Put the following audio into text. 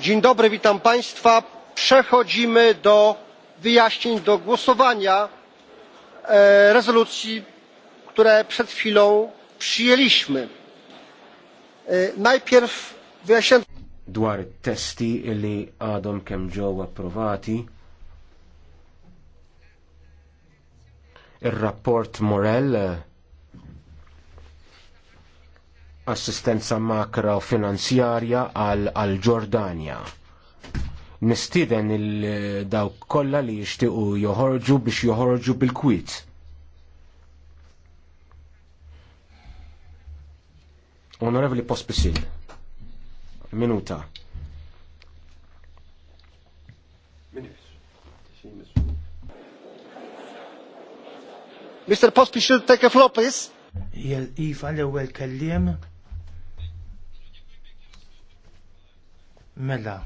Dzień dobry, witam Państwa. Przechodzimy do wyjaśnień, do głosowania e, rezolucji, które przed chwilą przyjęliśmy. E, najpierw wyjaśnię. Dwar testi li Adam kemm ġew approvati. Ir-rapport Morell assistenza makro finanzjarja għal Ġordania. Nistiden il-dawk kollha li jixtiequ joħorġu biex joħorġu bil-kwit. Onorevoli Pospisil, minuta. Mr. Pospisil, take a flop, please. Jel, if iva, għal ewel kellim. Mela,